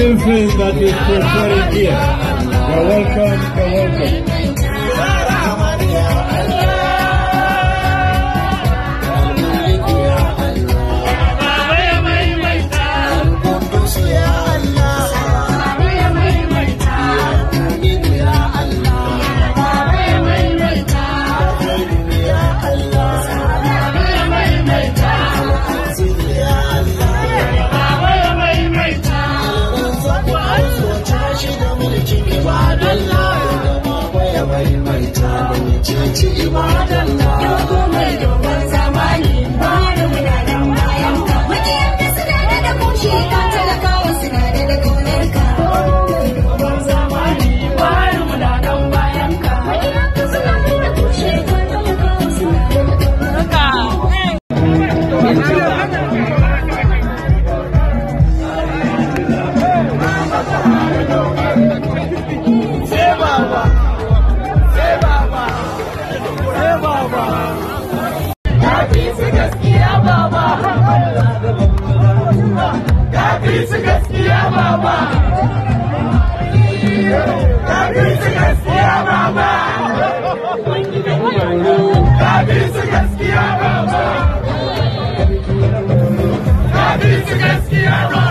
influence that is portrayed here. You're welcome, you're welcome. cuci ibadan fi gaskiya baba ka fi su gaskiya baba ka fi su gaskiya baba ka fi su gaskiya baba ka fi su gaskiya baba